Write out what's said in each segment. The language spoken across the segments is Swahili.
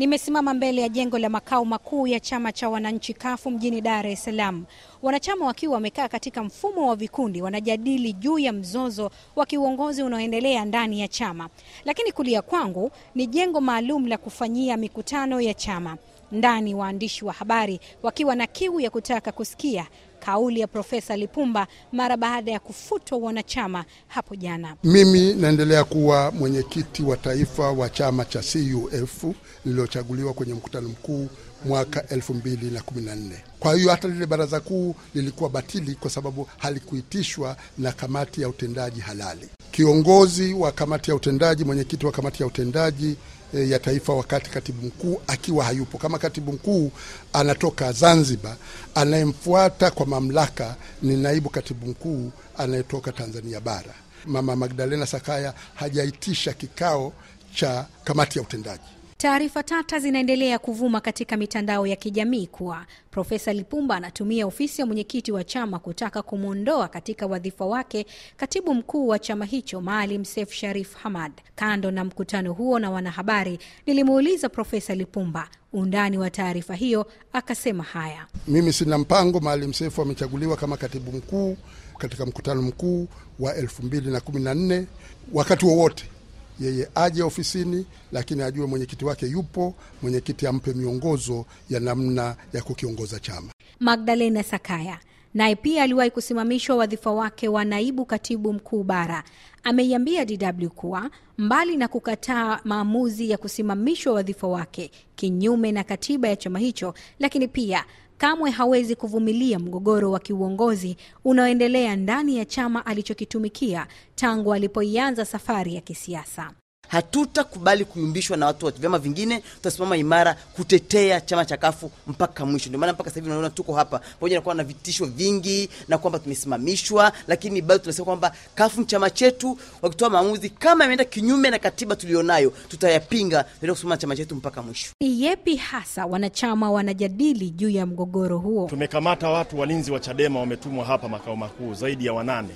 Nimesimama mbele ya jengo la makao makuu ya chama cha wananchi kafu mjini Dar es Salaam Wanachama wakiwa wamekaa katika mfumo wa vikundi, wanajadili juu ya mzozo wa kiuongozi unaoendelea ndani ya chama. Lakini kulia kwangu ni jengo maalum la kufanyia mikutano ya chama ndani waandishi wa habari wakiwa na kiu ya kutaka kusikia kauli ya Profesa Lipumba mara baada ya kufutwa wanachama hapo jana. Mimi naendelea kuwa mwenyekiti wa taifa wa chama cha CUF lililochaguliwa kwenye mkutano mkuu mwaka 2014. Kwa hiyo hata lile baraza kuu lilikuwa batili kwa sababu halikuitishwa na kamati ya utendaji halali. Kiongozi wa kamati ya utendaji, mwenyekiti wa kamati ya utendaji eh, ya taifa, wakati katibu mkuu akiwa hayupo. Kama katibu mkuu anatoka Zanzibar, anayemfuata kwa mamlaka ni naibu katibu mkuu anayetoka Tanzania bara. Mama Magdalena Sakaya hajaitisha kikao cha kamati ya utendaji. Taarifa tata zinaendelea kuvuma katika mitandao ya kijamii kuwa Profesa Lipumba anatumia ofisi ya mwenyekiti wa chama kutaka kumwondoa katika wadhifa wake katibu mkuu wa chama hicho Maalim Seif Sharif Hamad. Kando na mkutano huo na wanahabari, nilimuuliza Profesa Lipumba undani wa taarifa hiyo, akasema haya: mimi sina mpango. Maalim Seif amechaguliwa kama katibu mkuu katika mkutano mkuu wa 2014 wakati wowote wa yeye aje ofisini, lakini ajue mwenyekiti wake yupo, mwenyekiti ampe miongozo ya namna ya kukiongoza chama. Magdalena Sakaya naye pia aliwahi kusimamishwa wadhifa wake wa naibu katibu mkuu bara. Ameiambia DW kuwa mbali na kukataa maamuzi ya kusimamishwa wadhifa wake kinyume na katiba ya chama hicho, lakini pia kamwe hawezi kuvumilia mgogoro wa kiuongozi unaoendelea ndani ya chama alichokitumikia tangu alipoianza safari ya kisiasa hatutakubali kuyumbishwa na watu wa vyama vingine. Tutasimama imara kutetea chama cha kafu mpaka mwisho. Ndio maana mpaka sasa hivi unaona tuko hapa pamoja na kuwa na vitisho vingi na kwamba tumesimamishwa, lakini bado tunasema kwamba kafu ni chama chetu, wakitoa maamuzi kama ameenda kinyume na katiba tulionayo, tutayapinga, tutaenda kusimama chama chetu mpaka mwisho. Ni yepi hasa wanachama wanajadili juu ya mgogoro huo? Tumekamata watu walinzi wa Chadema wametumwa hapa makao makuu zaidi ya wanane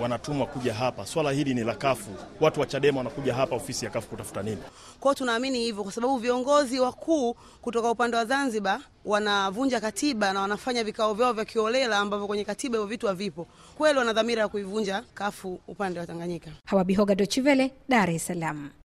wanatumwa kuja hapa. Swala hili ni la kafu, watu wa Chadema wanakuja hapa ofisi ya kafu kutafuta nini? Kwao tunaamini hivyo, kwa sababu viongozi wakuu kutoka upande wa Zanzibar wanavunja katiba na wanafanya vikao vyao vya kiolela ambavyo kwenye katiba hivyo vitu havipo. Kweli wana dhamira ya kuivunja kafu upande wa Tanganyika. Hawabihoga, Dochivele, Dar es Salaam.